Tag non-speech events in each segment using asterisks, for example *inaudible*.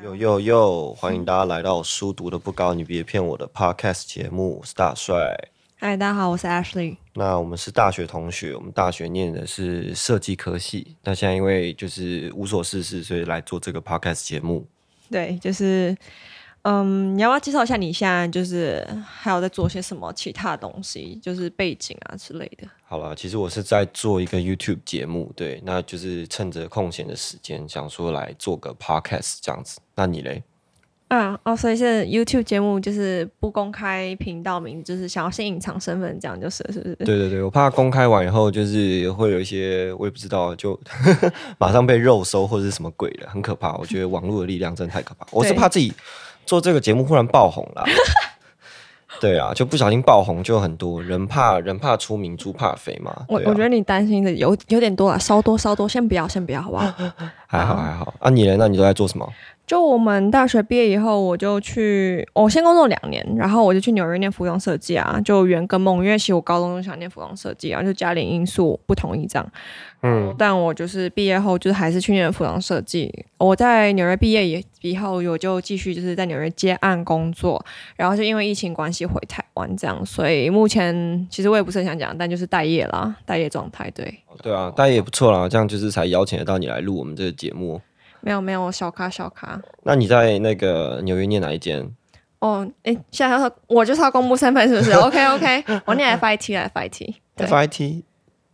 喲喲喲！歡迎大家來到《書讀得不高，你別騙我》的 Podcast 節目，我是大帥。嗨，大家好，我是 Ashley。那我們是大學同學，我們大學念的是設計科系。但現在因為就是無所事事，所以來做這個 Podcast 節目。對，就是。嗯，你要不要介紹一下你現在就是還有在做些什麼其他東西，就是背景啊之類的？好了，其實我是在做一個 YouTube 節目，對，那就是趁着空閒的時間，想說來做個 podcast 這樣子。那你嘞？啊，哦，所以現在 YouTube 節目就是不公開頻道名，就是想要先隱藏身份，這樣就是是不是？對對對，我怕公開完以後，就是會有一些我也不知道，就 *laughs* 馬上被肉搜或者是什麼鬼了，很可怕。我覺得網絡的力量真的太可怕， *laughs* 我是怕自己。做這個節目忽然爆紅了， *laughs* 對啊，就不小心爆紅，就很多人怕人怕出名豬怕肥嘛。啊、我我覺得你擔心的有有點多了，稍多稍多，先不要先不要，好不好？ *laughs* 還好還好。好啊，你人呢？你都在做什麼？就我們大學畢業以後，我就去，我先工作兩年，然後我就去紐約念服裝設計啊，就圓個夢。因為其實我高中就想念服裝設計啊，然後就家裡因素不同意這樣嗯，嗯。但我就是畢業後就是還是去念服裝設計。我在紐約畢業以以後，我就繼續就是在紐約接案工作，然後就因為疫情關係回台灣這樣。所以目前其實我也不是很想講，但就是待業啦，待業狀態對。對啊，待業不錯啦，這樣就是才邀請得到你來錄我們這個節目。沒有沒有，小咖小咖。那你在那個紐約念哪一間？哦，哎，現在說我就要公布身份是不是？OK OK，我念 FIT，FIT，FIT， *laughs* FIT,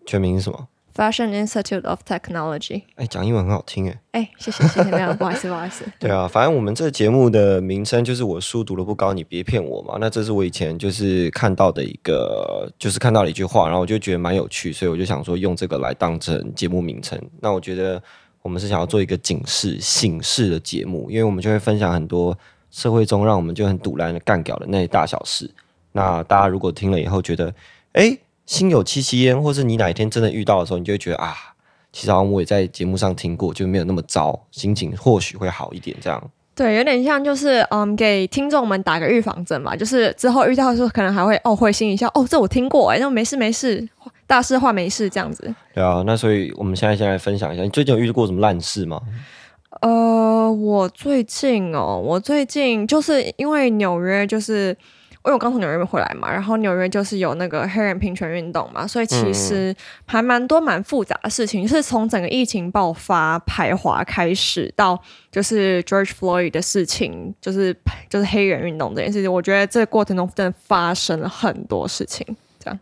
全名是什麼？Fashion Institute of Technology，欸。哎，講英文很好聽哎，欸。哎，欸，謝謝謝謝，沒有，不好意思 *laughs* 不好意思。對啊，反正我們這節目的名稱就是我書讀得不高，你別騙我嘛。那這是我以前就是看到的一個，就是看到的一句話，然後我就覺得蠻有趣，所以我就想說用這個來當成節目名稱。那我覺得。我們是想要做一個警示、醒世的節目，因為我們就會分享很多社會中讓我們就很賭爛的、幹掉的那些大小事。那大家如果聽了以後覺得，哎，心有戚戚焉，或是你哪一天真的遇到的時候，你就會覺得啊，其實我、啊、我也在節目上聽過，就沒有那麼糟，心情或許會好一點。這樣對，有點像就是嗯，給聽眾們打個預防針嘛，就是之後遇到的時候，可能還會哦會心一笑，哦，這我聽過、欸，哎，那沒事沒事。沒事大事化沒事這樣子，對啊，那所以我們現在先來分享一下，你最近有遇到過什麼爛事嗎？呃，我最近哦，我最近就是因為紐約，就是因為我剛從紐約回來嘛，然後紐約就是有那個黑人平權運動嘛，所以其實還蠻多蠻複雜的事情，嗯，就是從整個疫情爆發，排華開始，到就是 George Floyd 的事情，就是就是黑人運動這件事情，我覺得這個過程中真的發生了很多事情。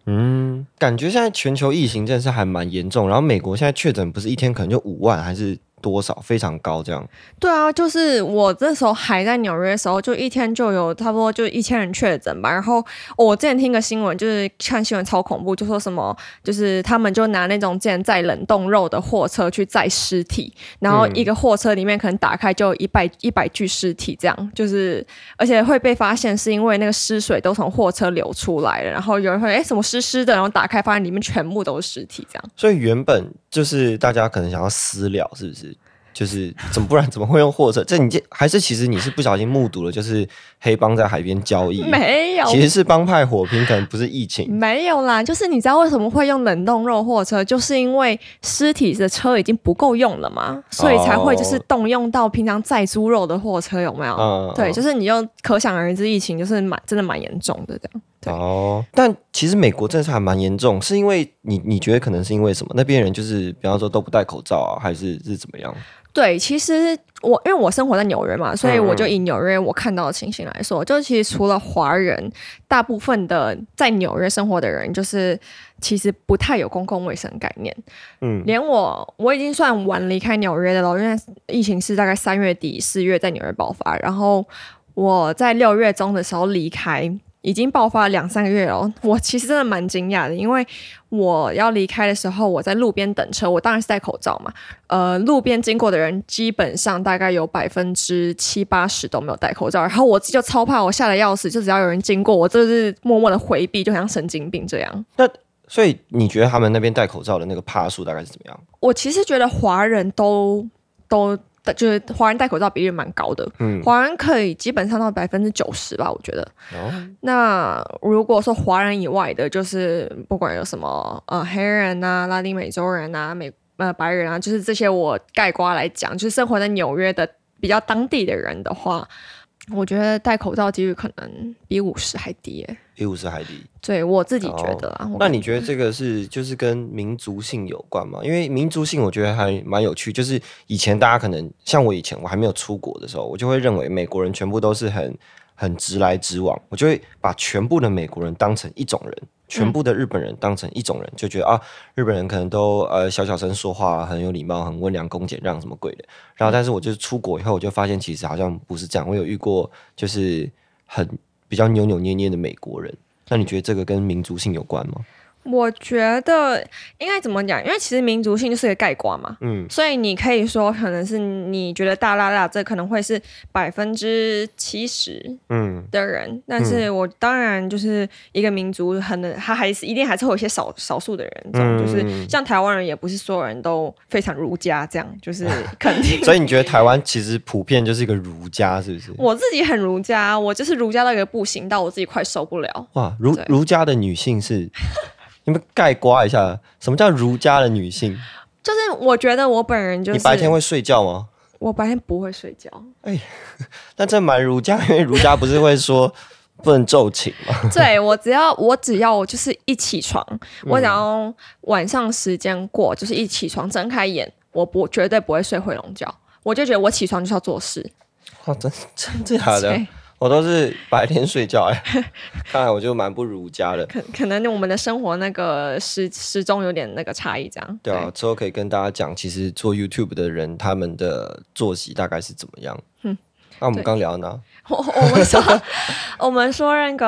嗯，感覺現在全球疫情真的是還蠻嚴重，然後美國現在確診不是一天可能就五萬還是？多少，非常高這樣？對啊，就是我那時候還在紐約的時候，就一天就有差不多就一千人確診吧。然後我之前聽個新聞，就是看新聞超恐怖，就說什麼就是他們就拿那種之前載冷凍肉的貨車去載屍體，然後一個貨車裡面可能打開就一百一百，嗯、具屍體這樣，就是而且會被發現是因為那個屍水都從貨車流出來了，然後有人會哎、欸、什麼濕濕的，然後打開發現裡面全部都是屍體這樣。所以原本就是大家可能想要私了，是不是？就是怎麼，不然怎麼會用貨車？這你這還是其實你是不小心目睹了，就是黑幫在海邊交易。沒有，其實是幫派火拼，可能不是疫情。沒有啦，就是你知道為什麼會用冷凍肉貨車，就是因為屍體的車已經不夠用了嘛，所以才會就是動用到平常載豬肉的貨車，哦、有沒有、嗯？對，就是你用，可想而知，疫情就是蠻真的蠻嚴重的這樣。哦，但其實美國真的是還蠻嚴重，是因為你你覺得可能是因為什麼？那邊人就是，比方說都不戴口罩啊，還是是怎麼樣？對，其實我因為我生活在紐約嘛，所以我就以紐約我看到的情形來說，嗯、就其實除了華人，大部分的在紐約生活的人，就是其實不太有公共衛生概念。嗯，連我我已經算晚離開紐約的了，因為疫情是大概三月底四月在紐約爆發，然後我在六月中的時候離開。已經爆發了兩三個月了，我其實真的蠻驚訝的，因為我要離開的時候，我在路邊等車，我當然是戴口罩嘛。呃，路邊經過的人基本上大概有百分之七八十都沒有戴口罩，然後我自己就超怕，我嚇得要死，就只要有人經過，我就是默默的迴避，就像神經病這樣。那所以你覺得他們那邊戴口罩的那個趴數大概是怎麼樣？我其實覺得華人都都。就是華人戴口罩比例蠻高的，華人可以基本上到百分之九十吧，我覺得、嗯。那如果說華人以外的，就是不管有什麼呃黑人啊、拉丁美洲人啊、美呃白人啊，就是這些我概括來講，就是生活在紐約的比較當地的人的話，我覺得戴口罩幾率可能比五十還低、欸。一五海里，對，我自己覺得啊。那 *laughs* 你覺得這個是就是跟民族性有關嗎？因為民族性，我覺得還蠻有趣。就是以前大家可能像我以前，我還沒有出國的時候，我就會認為美國人全部都是很很直來直往，我就會把全部的美國人當成一種人，全部的日本人當成一種人，嗯、就覺得啊，日本人可能都呃小小聲說話，很有禮貌，很溫良恭儉讓什麼鬼的。然後，但是我就出國以後，我就發現其實好像不是這樣。我有遇過就是很。比較扭扭捏捏的美國人，那你覺得這個跟民族性有關嗎？我覺得應該怎麼講？因為其實民族性就是一個概括嘛，嗯，所以你可以說可能是你覺得大喇喇這可能會是百分之七十，嗯，的人、嗯，但是我當然就是一個民族很，很他還是一定還是會有一些少少數的人這樣、嗯，就是像台灣人，也不是所有人都非常儒家這樣，就是肯定、啊。所以你覺得台灣其實普遍就是一個儒家，是不是？我自己很儒家，我就是儒家到一個不行，到我自己快受不了。哇，儒儒家的女性是。你們概括一下，什麼叫儒家的女性？就是我覺得我本人就是。你白天會睡覺嗎？我白天不會睡覺。哎、欸，那這蠻儒家，因為儒家不是會說不能晝寢嗎？ *laughs* 對，我只要我只要我就是一起床，嗯、我想要晚上時間過，就是一起床睜開眼，我不我絕對不會睡回籠覺，我就覺得我起床就是要做事。哇，真真正好的對我都是白天睡覺哎， *laughs* 看來我就蠻不如家的。可可能我們的生活那個時時鐘有點那個差異，這樣對。對啊，之後可以跟大家講，其實做 YouTube 的人他們的作息大概是怎麼樣。嗯，那我們剛聊呢？我我們說 *laughs* 我們說那個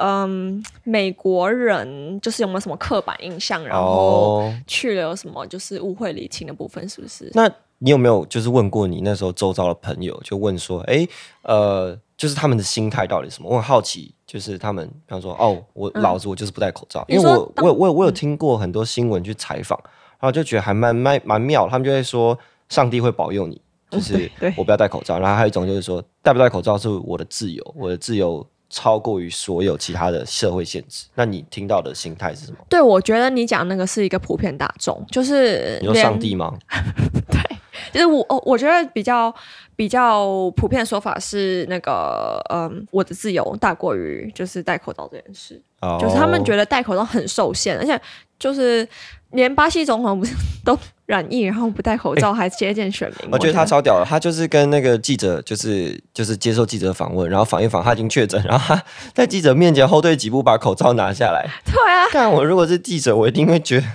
嗯，美國人就是有沒有什麼刻板印象，然後去了有什麼就是誤會、理清的部分，是不是？那你有沒有就是問過你那時候周遭的朋友，就問說，哎，呃。就是他們的心態到底是什麼？我很好奇，就是他們，比方說，哦，我老子我就是不戴口罩，嗯、因為我我我有我有聽過很多新聞去採訪、嗯，然後就覺得還蠻蠻蠻妙。他們就會說，上帝會保佑你，就是我不要戴口罩、哦。然後還有一種就是說，戴不戴口罩是我的自由，我的自由超過於所有其他的社會限制。那你聽到的心態是什麼？對，我覺得你講那個是一個普遍大眾，就是你說上帝嗎？ *laughs* 對。其實我哦，我覺得比較比較普遍的說法是那個，嗯，我的自由大過於就是戴口罩這件事。Oh. 就是他們覺得戴口罩很受限，而且就是連巴西總統不是都染疫，然後不戴口罩還接見選民，欸，我？我覺得他超屌的，他就是跟那個記者就是就是接受記者訪問，然後訪一訪，他已經確診，然後他在記者面前後退幾步，把口罩拿下來。對啊，但我如果是記者，我一定會覺得。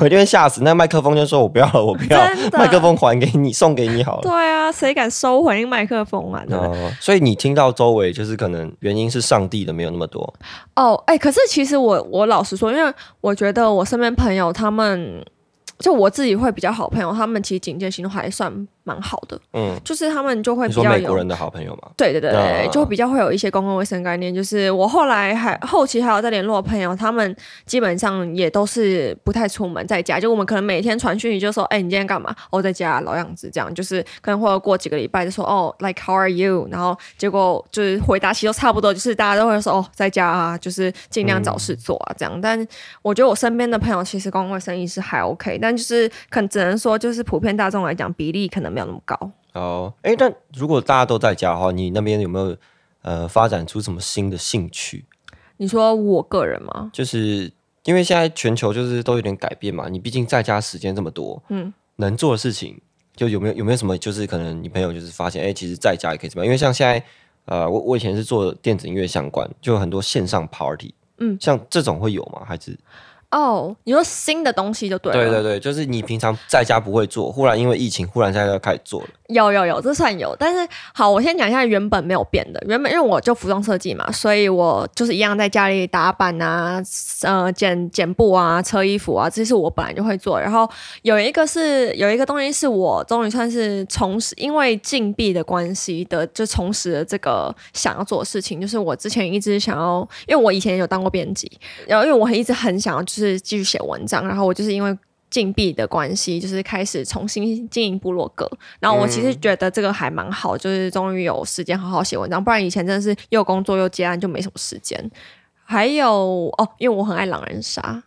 我就會嚇死，那麥克風就說我不要了，我不要，麥克風還給你，送給你好了。對啊，誰敢收回麥克風啊？真的。所以你聽到周圍就是可能原因是上帝的沒有那麼多。哦，哎，可是其實我我老實說，因為我覺得我身邊朋友他們就我自己會比較好，朋友他們其實警戒心還算蠻好的，嗯，就是他們就會比較有美國人的好朋友嘛，對對對對、啊，就會比較會有一些公共衛生概念。就是我後來還後期還有在聯絡朋友，他們基本上也都是不太出門，在家。就我們可能每天傳訊息就說，哎、欸，你今天幹嘛？哦，在家，啊，老樣子這樣。就是可能會過幾個禮拜就說，哦，like how are you？然後結果就是回答其實都差不多，就是大家都會說哦，在家啊，就是盡量找事做啊這樣。嗯、但我覺得我身邊的朋友其實公共衛生意識還 OK，但就是可能只能說就是普遍大眾來講比例可能要那麼高哦？哎、oh, 欸，但如果大家都在家的話，你那邊有沒有呃發展出什麼新的興趣？你說我個人嗎？就是因為現在全球就是都有點改變嘛，你畢竟在家時間這麼多，嗯，能做的事情就有沒有有沒有什麼？就是可能你朋友就是發現，哎、欸，其實在家也可以怎麼樣？因為像現在呃，我我以前是做電子音樂相關，就很多線上 party，嗯，像這種會有嗎？還是？哦，Oh，你說新的東西就對了。對對對，就是你平常在家不會做，忽然因為疫情，忽然現在又開始做了。有有有，這算有。但是好，我先講一下原本沒有變的。原本因為我就服裝設計嘛，所以我就是一樣在家裡打板啊，呃，剪剪布啊，車衣服啊，這些是我本來就會做。然後有一個是有一個東西，是我終於算是重拾，因為禁閉的關係的，就重拾了這個想要做的事情。就是我之前一直想要，因為我以前也有當過編輯，然後因為我一直很想要。就是繼續寫文章，然後我就是因為禁閉的關係，就是開始重新經營部落格。然後我其實覺得這個還蠻好、嗯，就是終於有時間好好寫文章，不然以前真的是又工作又接案就沒什麼時間。還有哦，因為我很愛狼人殺，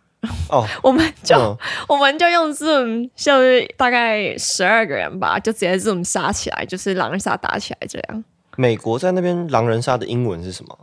哦， *laughs* 我們就、嗯、我們就用 Zoom，就是大概十二個人吧，就直接 Zoom 殺起來，就是狼人殺打起來這樣。美國在那邊狼人殺的英文是什麼？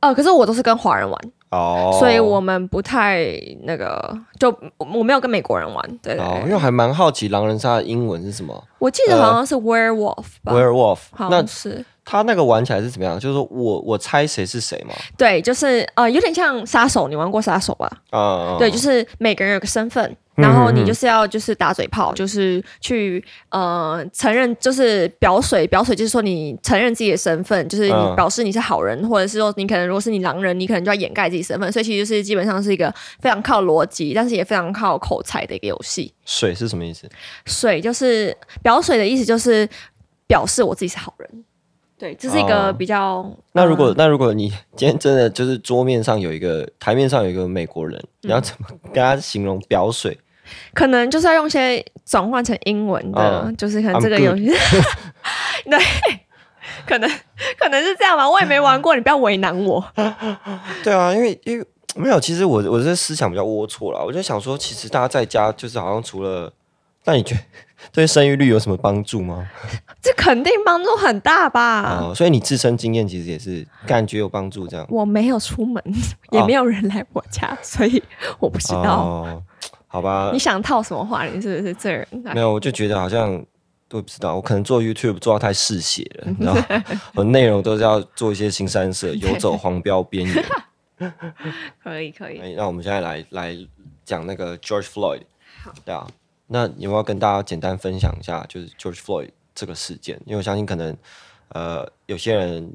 哦、呃，可是我都是跟華人玩。哦、oh.，所以我們不太那個，就我沒有跟美國人玩，對對對，因、oh, 為還蠻好奇狼人殺的英文是什麼，我記得好像是 werewolf 吧、uh,，werewolf，好像是。那他那個玩起來是怎麼樣？就是我我猜誰是誰嘛。對，就是呃，有點像殺手。你玩過殺手吧？啊、uh -uh.，對，就是每個人有個身份，然後你就是要就是打嘴炮，就是去呃承認，就是表水表水，就是說你承認自己的身份，就是你表示你是好人，uh -uh. 或者是說你可能如果是你狼人，你可能就要掩蓋自己身份。所以其實就是基本上是一個非常靠邏輯，但是也非常靠口才的一個遊戲。水是什麼意思？水就是表水的意思，就是表示我自己是好人。對，這是一個比較。Uh, uh, 那如果，那如果你今天真的就是桌面上有一個，台面上有一個美國人，嗯，你要怎麼跟他形容“表水”？可能就是要用些轉換成英文的，uh, 就是可能這個遊戲。 *laughs* 對，可能可能是這樣吧，我也沒玩過， *laughs* 你不要為難我。 *laughs* 對啊，因為因為沒有，其實我我這思想比較齷齪了，我就想說，其實大家在家就是好像除了，那你覺得？對生育率有什麼幫助嗎？ *laughs* 這肯定幫助很大吧。哦。所以你自身經驗其實也是感覺有幫助，這樣。我沒有出門，也沒有人來我家，哦，所以我不知道。哦。好吧。你想套什麼話？你是不是這兒？沒有，我就覺得好像都不知道。我可能做 YouTube 做得太嗜血了，你知道嗎？ *laughs* 我內容都是要做一些新三色， *laughs* 遊走黃標邊緣。 *laughs* 可以，可以，哎。那我們現在來來講那個 George Floyd。好，對啊。那有沒有跟大家簡單分享一下，就是 George Floyd 這個事件？因為我相信可能，呃，有些人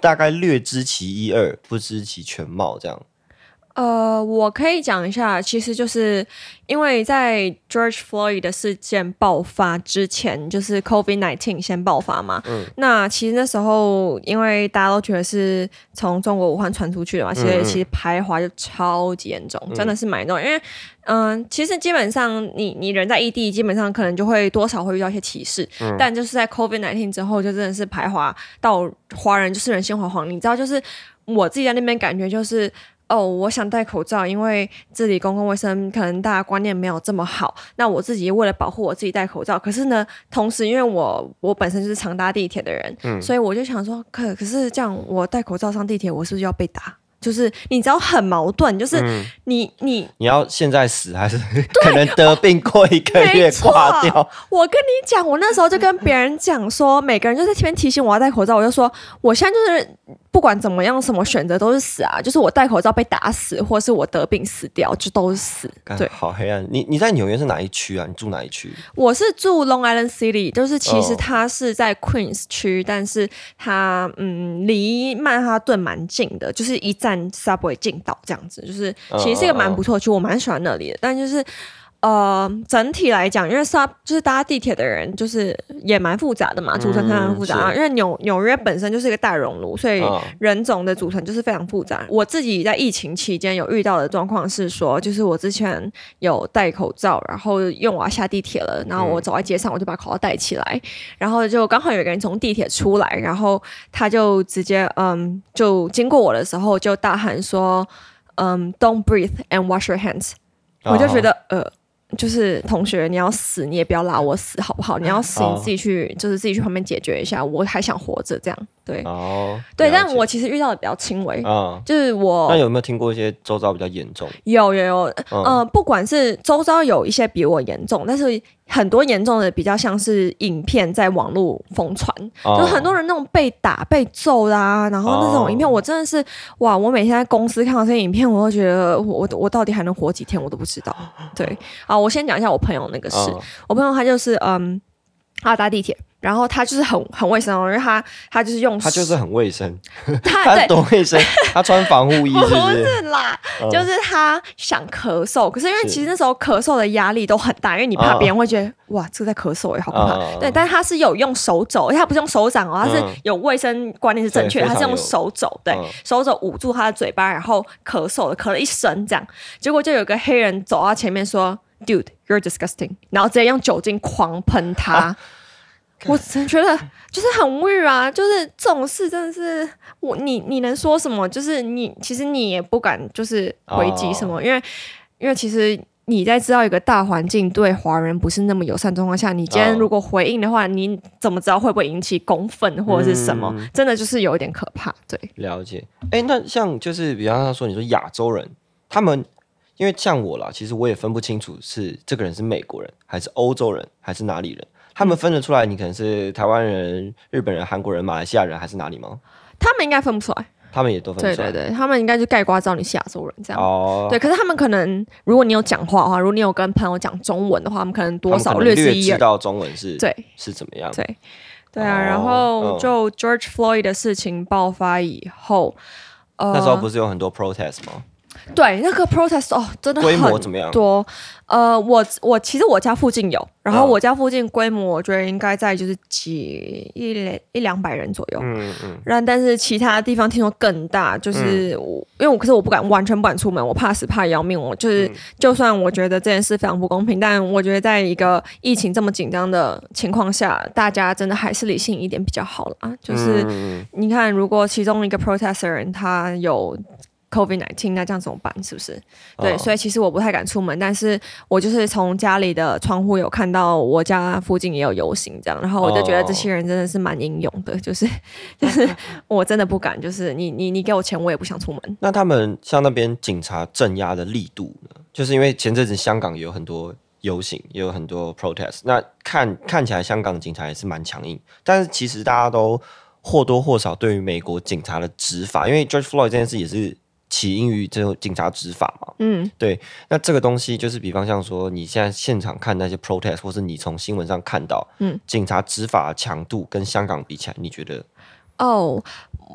大概略知其一二，不知其全貌這樣。呃，我可以講一下，其實就是因為在 George Floyd 的事件爆發之前，就是 COVID nineteen 先爆發嘛。嗯。那其實那時候，因為大家都覺得是從中國武漢傳出去的嘛，所以、嗯嗯、其實排華就超級嚴重，真的是蠻重。因為，嗯、呃，其實基本上你你人在異地，基本上可能就會多少會遇到一些歧視。嗯、但就是在 COVID nineteen 之後，就真的是排華到華人就是人心惶惶。你知道，就是我自己在那邊感覺就是。哦，我想戴口罩，因為這裡公共衛生可能大家觀念沒有這麼好。那我自己為了保護我自己戴口罩，可是呢，同時因為我我本身就是常搭地鐵的人、嗯，所以我就想說，可可是這樣我戴口罩上地鐵，我是不是要被打？就是你知道很矛盾，就是你、嗯、你你，你要現在死還是可能得病過一個月掛掉、哦？我跟你講，我那時候就跟別人講說，嗯、每個人就在前面提醒我要戴口罩，我就說我現在就是。不管怎麼樣，什麼選擇都是死啊！就是我戴口罩被打死，或是我得病死掉，就都是死。對，好黑暗。你你在紐約是哪一區啊？你住哪一區？我是住 Long Island City，就是其實它是在 Queens 區，oh. 但是它嗯離曼哈頓蠻近的，就是一站 Subway 近到這樣子。就是其實是一個蠻不錯的區，我蠻喜歡那裡的。Oh. 但就是。呃，整體來講，因為搭就是搭地鐵的人就是也蠻複雜的嘛，組成它很複雜。因為紐紐約本身就是一個大熔爐，所以人種的組成就是非常複雜，哦。我自己在疫情期間有遇到的狀況是說，就是我之前有戴口罩，然後因為我要下地鐵了，然後我走在街上，我就把口罩戴起來，嗯，然後就剛好有一個人從地鐵出來，然後他就直接嗯，就經過我的時候就大喊說：“嗯，Don't breathe and wash your hands，哦。”我就覺得呃。就是同學，你要死，你也不要拉我死好不好？你要死、哦，你自己去，就是自己去旁邊解決一下。我還想活着，這樣對、哦、對。但我其實遇到的比較輕微、哦，就是我。那有沒有聽過一些周遭比較嚴重？有有有，嗯、呃，不管是周遭有一些比我嚴重，但是。很多嚴重的比較像是影片在網絡瘋傳，oh. 就是很多人那種被打、被揍的啊，然後那種影片，oh. 我真的是哇！我每天在公司看到這些影片，我都覺得我我我到底還能活幾天，我都不知道。對，啊、oh.，我先講一下我朋友那個事，oh. 我朋友他就是嗯，他要搭地鐵。然後他就是很很衛生、哦，因為他他就是用他就是很衛生， *laughs* 他對還在 *laughs* 衛生，他穿防護衣是不是，不是啦、嗯，就是他想咳嗽，可是因為其實那時候咳嗽的壓力都很大，因為你怕別人會覺得、啊、哇，這個、在咳嗽也、欸、好怕、啊。對，但他是有用手肘，而且他不是用手掌哦、啊，他是有衛生觀念是正確的，他是用手肘，對、嗯、手肘捂住他的嘴巴，然後咳嗽，咳了一聲這樣，結果就有個黑人走到前面說，Dude，you're disgusting，然後直接用酒精狂噴他。啊我真覺得就是很無語啊！就是這種事真的是我你你能說什麼？就是你其實你也不敢就是回擊什麼，哦、因為因為其實你在知道一個大環境對華人不是那麼友善的狀況下，你今天如果回應的話，哦、你怎麼知道會不會引起公憤或者是什麼、嗯？真的就是有一點可怕。對，了解。哎、欸，那像就是比方說，你說亞洲人，他們因為像我啦，其實我也分不清楚是這個人是美國人還是歐洲人還是哪裡人。他們分得出來，你可能是台灣人、日本人、韓國人、馬來西亞人還是哪裡嗎？他們應該分不出來，他們也都分不出來。對，對，對，他們應該就蓋瓜知道你亞洲人這樣。哦，對，可是他們可能，如果你有講話的話，如果你有跟朋友講中文的話，他們可能多少能略一略知道中文是，對，是怎麼樣？對，對啊。然後就 George Floyd 的事情爆發以後，呃、嗯嗯，那時候不是有很多 protest 嗎？對那個 protest 哦，真的很多，呃，我我其實我家附近有，然後我家附近規模我覺得應該在就是幾、哦、一兩一兩百人左右，嗯嗯，然但是其他地方聽說更大，就是我、嗯、因為我可是我不敢完全不敢出門，我怕死怕要命，我就是、嗯、就算我覺得這件事非常不公平，但我覺得在一個疫情這麼緊張的情況下，大家真的還是理性一點比較好啦，就是、嗯、你看如果其中一個 protest 人他有。COVID-19，那這樣怎麼辦？是不是、哦？對，所以其實我不太敢出門，但是我就是從家裡的窗戶有看到我家附近也有遊行這樣，然後我就覺得這些人真的是蠻英勇的，哦、就是就是 *laughs* *laughs* 我真的不敢，就是你你你給我錢，我也不想出門。那他們像那邊警察鎮壓的力度呢？就是因為前陣子香港也有很多遊行，也有很多 protest，那看看起來香港的警察也是蠻強硬，但是其實大家都或多或少對於美國警察的執法，因為 George Floyd 這件事也是。起因於就警察執法嘛，嗯，對。那這個東西就是，比方像說，你現在現場看那些 protest，或是你從新聞上看到，嗯，警察執法強度跟香港比起來，你覺得？哦，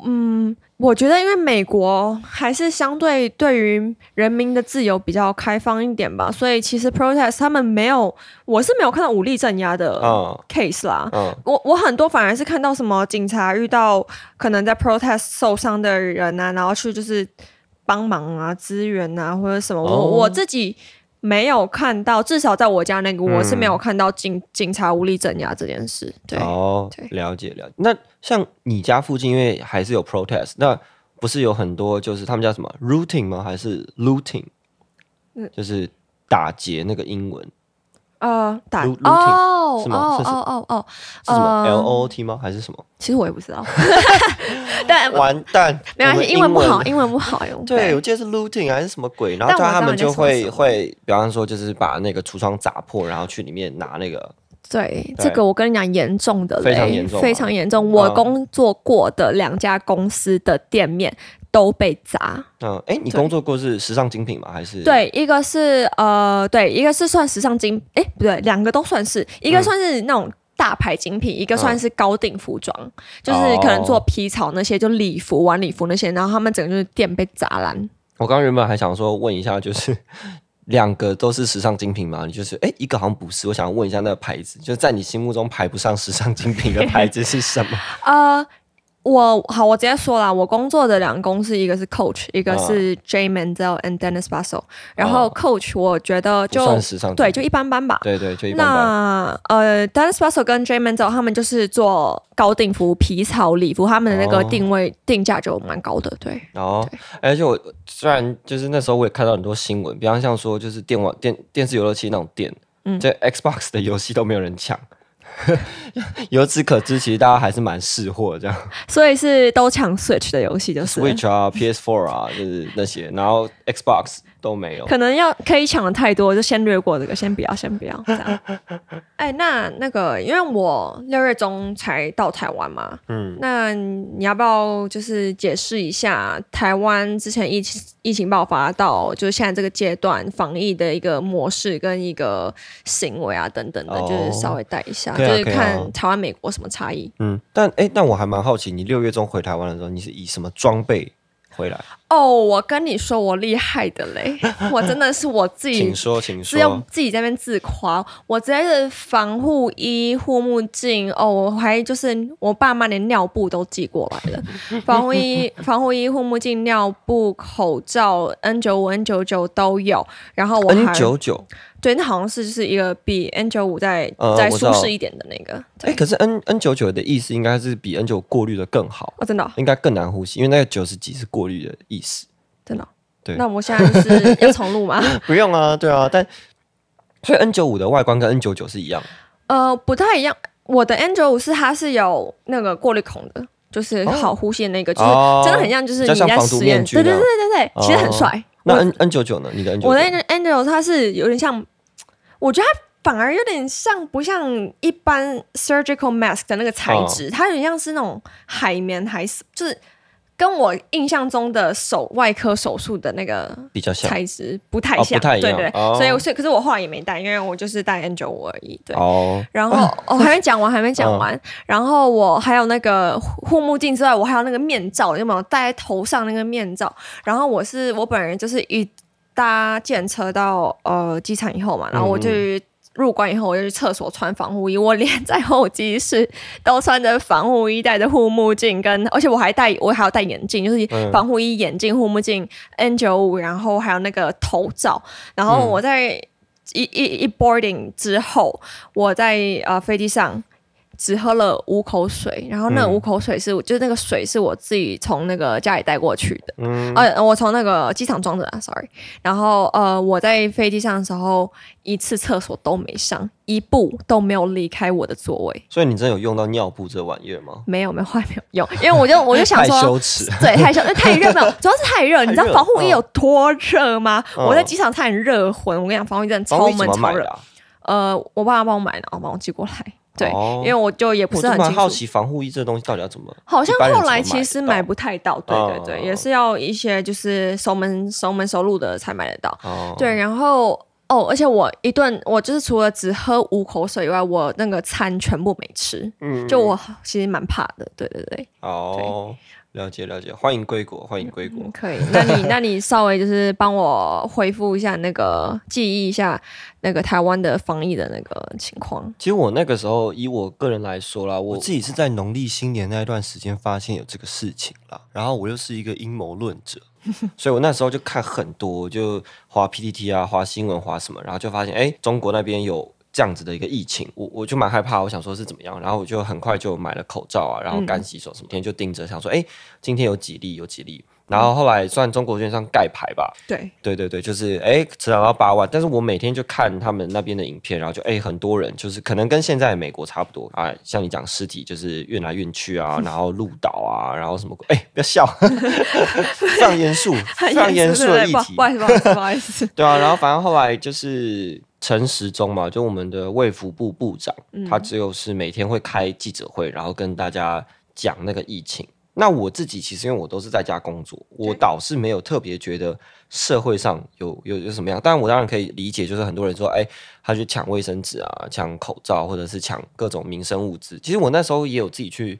嗯，我覺得因為美國還是相對對於人民的自由比較開放一點吧，所以其實 protest 他們沒有，我是沒有看到武力鎮壓的 case 啦。嗯，嗯，我我很多反而是看到什麼警察遇到可能在 protest 受傷的人啊，然後去就是。幫忙啊，支援啊，或者什麼，哦、我我自己沒有看到，至少在我家那個，嗯、我是沒有看到警警察武力鎮壓這件事。對哦對，了解了解。那像你家附近，因為還是有 protest，那不是有很多就是他們叫什麼 routing 嗎？還是 looting？嗯、就是打劫那個英文。呃、uh, oh，打哦哦哦哦哦，是什麼、uh？L O O T 嗎？還是什麼？其實我也不知道。 *laughs* *laughs* 完蛋 *laughs* 沒關係，英文不好， *laughs* 英文不好喲。 *laughs* okay. 對，我記得是 looting 還是什麼鬼？然後就他們就會剛剛會，比方說就是把那個櫥窗砸破，然後去裡面拿那個。對，對這個，我跟你講，嚴重的，非常嚴重，非常嚴重。我工作過的兩家公司的店面都被砸。嗯，哎、欸，你工作過是時尚精品嗎？還是對，一個是呃，對，一個是算時尚精，哎、欸，不對，兩個都算是，一個算是那種大牌精品，嗯，一個算是高定服裝，嗯，就是可能做皮草那些，就禮服、晚禮服那些。然後他們整個就是店被砸爛。我剛剛原本還想說問一下，就是。 *laughs* 兩個都是時尚精品嗎？你就是誒，一個好像不是。我想問一下，那個牌子就在你心目中排不上時尚精品的牌子是什麼？呃。 *laughs* *laughs* *laughs* 我好，我直接說了，我工作的兩個公司，一個是 Coach，一個是 Jameson and Dennis Russell。然後 Coach 我覺得就算時尚對，就一般般吧。對對，就一般般。那呃，Dennis Russell 跟 Jameson 他們就是做高定服、皮草禮服，他們的那個定位、哦、定價就蠻高的。對哦，而且、欸、我雖然就是那時候我也看到很多新聞，比方像說就是電玩電電視遊樂器那種店，嗯，這 Xbox 的遊戲都沒有人搶。由 *laughs* 此可知，其實大家還是蠻識貨的，這樣。所以是都搶 Switch 的遊戲、就是，就是 Switch 啊、PS4 啊，就是那些， *laughs* 然後 Xbox。都沒有，可能要可以搶的太多，就先略過這個，先不要，先不要這樣。哎、 *laughs* 欸，那那個，因為我六月中才到台灣嘛，嗯那，那你要不要就是解釋一下台灣之前疫疫情爆發到就是現在這個階段防疫的一個模式跟一個行為啊等等的，哦、就是稍微帶一下對、啊，就是看台灣、美國什麼差異。嗯，但哎、欸，但我還蠻好奇，你六月中回台灣的時候，你是以什麼裝備回來？哦，我跟你說我厲害的嘞， *laughs* 我真的是我自己，請說，請說，自己在那邊自誇。我直接是防護衣、護目鏡，哦，我懷疑就是我爸媽連尿布都寄過來了。 *laughs* 防護衣、防護衣、護目鏡、尿布、口罩，N95、N99 都有。然後我還 N99，對，那好像是就是一個比 N95 再再、嗯、舒適一點的那個。哎，可是 N N99 的意思應該是比 N95 過濾的更好啊、哦，真的，應該更難呼吸，因為那個九十幾是過濾的意思。是，真的。對，那我們現在是要重錄嗎？ *laughs* 不用啊，對啊。但所以，N 九五的外觀跟 N 九九是一樣。呃，不太一樣。我的 N 九五是它是有那個過濾孔的，就是好呼吸的那個，哦、就是、哦、真的很像，就是你在實驗。對對對對對、哦，其實很帥。那 N N 九九呢？你的 N 九九？我的 N 九五它是有點像，我覺得它反而有點像不像一般 surgical mask 的那個材質，哦、它有點像是那種海綿還是就是。跟我印象中的手外科手術的那個材質不太像，像不太，像、哦、不太一樣對，對對，哦、所以我是，可是我話也沒帶，因為我就是戴 N 九五而已。對，哦、然後我、哦哦、還沒講完，還沒講完。哦、然後我還有那個護目鏡之外，我還有那個面罩，有沒有戴在頭上那個面罩？然後我是我本人就是一搭電車到呃機場以後嘛，然後我就。嗯入關以後，我就去廁所穿防護衣。我連在候機室都穿着防護衣，戴着護目鏡，跟而且我還戴我還要戴眼鏡，就是防護衣、嗯、眼鏡、護目鏡 N 九五，N95，然後還有那個頭罩。然後我在一一、嗯、一 boarding 之後，我在呃飛機上。只喝了五口水，然後那五口水是，嗯、就是那個水是我自己從那個家裡帶過去的。嗯，呃、啊，我從那個機場裝著啊，sorry。然後呃，我在飛機上的時候一次廁所都沒上，一步都沒有離開我的座位。所以你真的有用到尿布這玩意兒嗎？沒有，沒有，後來沒有用，因為我就我就想說， *laughs* 羞恥，對，太羞，太熱沒有，主要是太熱。 *laughs* 你知道防護衣有多熱嗎、嗯？我在機場太熱，昏。我跟你講，防護衣真的超悶超熱。呃，我爸爸幫我買的，幫我,我寄過來。對、哦，因為我就也不是很清楚，好奇防護衣這東西到底要怎麼，好像後來其實買不太到、哦，對對對，也是要一些就是熟門熟門熟路的才買得到，哦、對，然後哦，而且我一頓我就是除了只喝五口水以外，我那個餐全部沒吃，嗯，就我其實蠻怕的，對對對，哦。對。了解了解，歡迎歸國，歡迎歸國。嗯、可以，那你那你稍微就是幫我恢復一下那個 *laughs* 記憶一下那個台灣的防疫的那個情況。其實我那個時候以我個人來說啦，我自己是在農曆新年那一段時間發現有這個事情啦，然後我又是一個陰謀論者， *laughs* 所以我那時候就看很多，就滑 PTT 啊，滑新聞，滑什麼，然後就發現誒，中國那邊有。這樣子的一個疫情，我我就蠻害怕，我想說是怎麼樣，然後我就很快就買了口罩啊，然後乾洗手什麼天，天、嗯、就盯着，想說，哎、欸，今天有幾例，有幾例。嗯、然後後來算中國券商蓋牌吧，對，對對對就是，哎、欸，成到到八萬，但是我每天就看他們那邊的影片，然後就，哎、欸，很多人就是可能跟現在的美國差不多，哎，像你講屍體就是運來運去啊，然後路倒啊、嗯，然後什麼，哎、欸，不要笑，非常嚴肅，非常嚴肅的議題，不好意思，不好意思 *laughs* 對啊，然後反正後來就是。陳時中嘛，就我們的衛福部部長、嗯，他只有是每天會開記者會，然後跟大家講那個疫情。那我自己其實因為我都是在家工作，我倒是沒有特別覺得社會上有有有什麼樣。但我當然可以理解，就是很多人說，哎、欸，他去搶衛生紙啊，搶口罩，或者是搶各種民生物資。其實我那時候也有自己去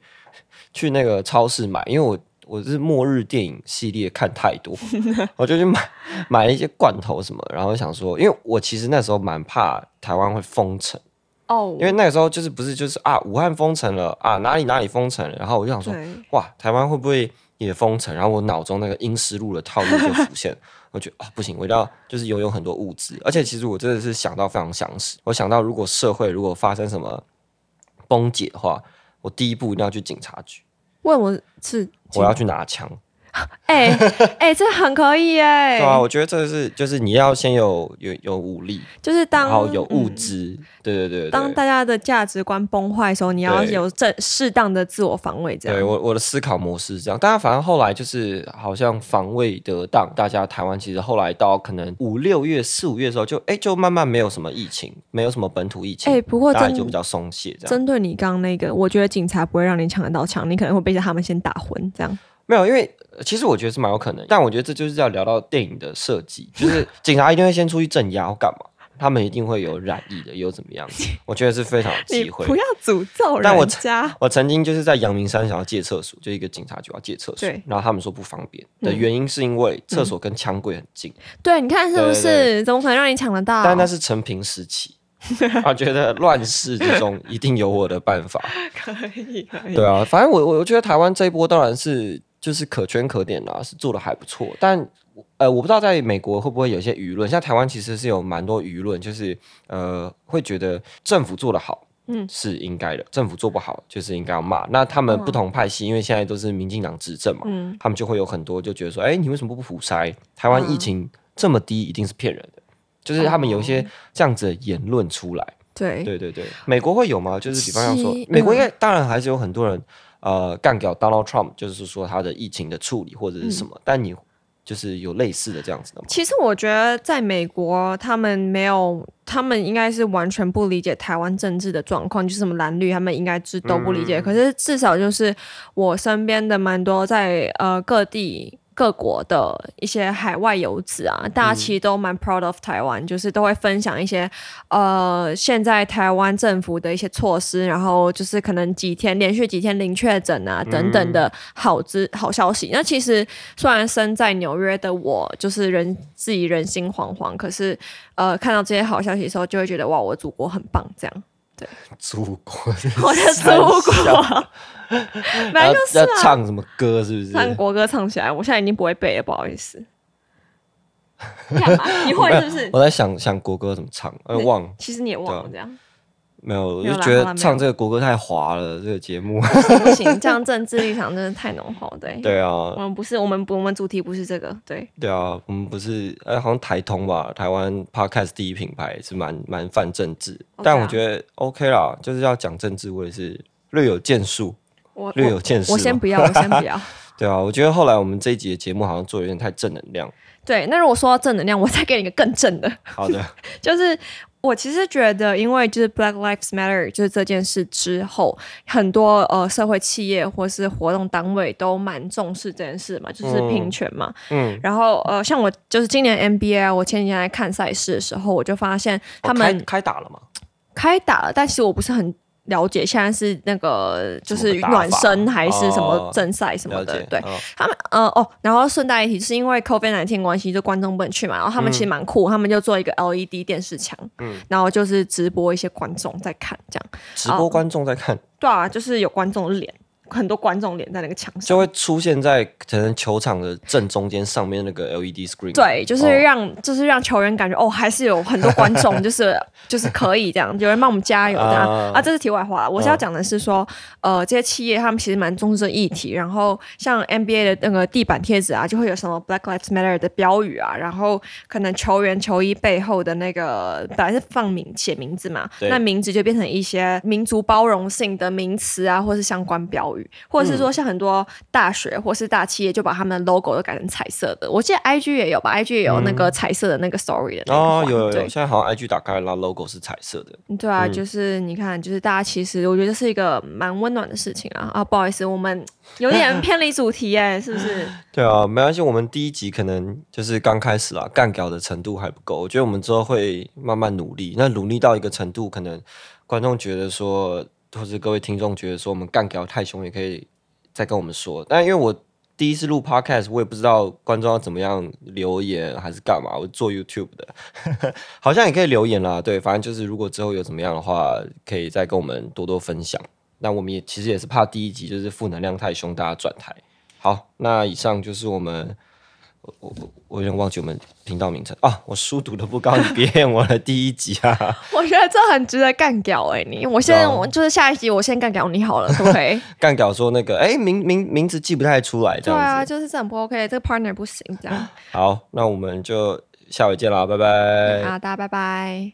去那個超市買，因為我。我是末日電影系列看太多， *laughs* 我就去買買一些罐頭什麼，然後想說，因為我其實那時候蠻怕台灣會封城哦，oh. 因為那個時候就是不是就是啊，武漢封城了啊，哪裡哪裡封城，然後我就想說，哇，台灣會不會也封城？然後我腦中那個陰屍路的套路就浮現， *laughs* 我覺得啊不行，我一定要就是擁有很多物資，而且其實我真的是想到非常詳實，我想到如果社會如果發生什麼崩解的話，我第一步一定要去警察局，為什麼是？我要去拿槍。哎 *laughs* 哎、欸欸，這很可以哎、欸！ *laughs* 對啊，我覺得這個是就是你要先有有有武力，就是當然後有物資，嗯、對，對對對，當大家的價值觀崩壞的時候，你要有正適當的自我防衛這樣。對，我我的思考模式是這樣。大家反正後來就是好像防衛得當，大家台灣其實後來到可能五六月四五月的時候就，就、欸、哎就慢慢沒有什麼疫情，沒有什麼本土疫情。哎、欸，不過大家就比較鬆懈這樣。針對你剛那個，我覺得警察不會讓你搶得到槍，你可能會被他們先打昏這樣。沒有，因為其實我覺得是蠻有可能，但我覺得這就是要聊到電影的設計，就是警察一定會先出去鎮壓或幹嘛， *laughs* 他們一定會有染疫的，又怎麼樣 *laughs* 我覺得是非常有機會。不要詛咒人家。但我，我曾經就是在陽明山想要借廁所，就一個警察局要借廁所，然後他們說不方便的原因是因為廁所跟槍櫃很近。嗯嗯、對，你看是不是？怎麼可能讓你搶得到？但那是承平時期，我、 *laughs* 啊、覺得亂世之中一定有我的辦法。可以。可以。對啊，反正我我覺得台灣這一波當然是。就是可圈可點的、啊，是做的還不錯，但呃，我不知道在美國會不會有一些輿論。像台灣其實是有蠻多輿論，就是呃，會覺得政府做得好的好，嗯，是應該的；政府做不好，就是應該要罵。那他們不同派系，因為現在都是民進黨執政嘛，嗯，他們就會有很多就覺得說，哎、欸，你為什麼不普篩？台灣疫情這麼低，一定是騙人的、嗯，就是他們有一些這樣子的言論出來、嗯。對對對對，美國會有嗎？就是比方說、嗯，美國應該當然還是有很多人。呃，幹掉 Donald Trump，就是說他的疫情的處理或者是什麼，嗯，但你就是有類似的這樣子的嗎？其實我覺得在美國，他們沒有，他們應該是完全不理解台灣政治的狀況，就是什麼藍綠，他們應該是都不理解。嗯，可是至少就是我身邊的蠻多在呃各地。各國的一些海外游子啊，嗯，大家其實都蠻 proud of 台灣，就是都會分享一些呃，現在台灣政府的一些措施，然後就是可能幾天連續幾天零確診啊等等的好知好消息，嗯。那其實雖然身在紐約的我，就是人自己人心惶惶，可是呃看到這些好消息的時候，就會覺得哇，我祖國很棒這樣。祖國，祖國，我的祖國，本來 *laughs* 就是、啊、要，要唱什麼歌？是不是？唱國歌唱起來，我現在已經不會背了，不好意思。 *laughs* 你會是不是？我，我在想想國歌怎麼唱，呃、哎，忘。其實你也忘了，這樣。沒有，沒，有啦啦啦沒有，我就覺得唱這個國歌太滑了。這個節目不行，這樣政治立場真的太濃厚，對。對啊，我們不是，我們不我們主題不是這個，對。對啊，我們不是，哎、欸，好像台通吧，台灣 podcast 第一品牌是蠻蠻泛政治、okay 啊，但我覺得 OK 啦，就是要講政治，我也是略有建樹，略有建樹，我先不要，我先不要。 *laughs* 對啊，我覺得後來我們這一集的節目好像做有點太正能量。對，那如果說到正能量，我再給你一個更正的，好的， *laughs* 就是。我其實覺得，因為就是 Black Lives Matter 就是這件事之後，很多呃社會企業或是活動單位都蠻重視這件事嘛，就是平權嘛。嗯。嗯然後呃，像我就是今年 NBA，我前幾天前來看賽事的時候，我就發現他們開打了，哦、開、開打了嗎？開打了，但是我不是很。了解，現在是那個就是暖身還是什麼正賽什麼的，麼哦哦、對他們，呃，哦，然後順帶一提，是因為 COVID 19關係，就觀眾不能去嘛，然後他們其實蠻酷、嗯，他們就做一個 LED 電視牆、嗯，然後就是直播一些觀眾在看這樣，直播觀眾在看、嗯，對啊，就是有觀眾的臉。很多觀眾臉在那個牆上，就會出現在可能球場的正中間上面那個 LED screen。對，就是讓、oh. 就是讓球員感覺哦，還是有很多觀眾，就是 *laughs* 就是可以這樣，有人幫我們加油這樣、uh. 啊。這是題外話，我是要講的是說，uh. 呃，這些企業他們其實蠻重視議題。然後像 NBA 的那個地板貼紙啊，就會有什麼 Black Lives Matter 的標語啊。然後可能球員球衣背後的那個本來是放名寫名字嘛，那名字就變成一些民族包容性的名詞啊，或是相關標語。或者是說，像很多大學或是大企業，就把他們的 logo 都改成彩色的。嗯、我記得 IG 也有吧，IG 也有那個彩色的那個 story 的個。哦，有有,有，現在好像 IG 打開了然後 logo 是彩色的。對啊，就是你看，就是大家其實我覺得是一個蠻溫暖的事情啊啊，不好意思，我們有點偏離主題耶、欸， *laughs* 是不是？對啊，沒關係，我們第一集可能就是剛開始啊，乾掉的程度還不夠，我覺得我們之後會慢慢努力。那努力到一個程度，可能觀眾覺得說。或者各位聽眾覺得說我們幹掉太凶，也可以再跟我們說。但因為我第一次錄 podcast，我也不知道觀眾要怎麼樣留言還是幹嘛。我做 YouTube 的， *laughs* 好像也可以留言啦。對，反正就是如果之後有怎麼樣的話，可以再跟我們多多分享。那我們也其實也是怕第一集就是負能量太凶，大家轉台。好，那以上就是我們。我我我有點忘記我們頻道名稱啊！我書讀的不高，你 *laughs* 別我的第一集啊！我覺得這很值得幹掉哎，你，我現在 *laughs* 我就是下一集我先幹掉你好了，OK？幹掉說那個哎、欸，名名名字記不太出來，這樣，對啊，就是這很不 OK，這個 partner 不行這樣。 *laughs* 好，那我們就下回見了，拜拜。好、嗯啊、大家拜拜。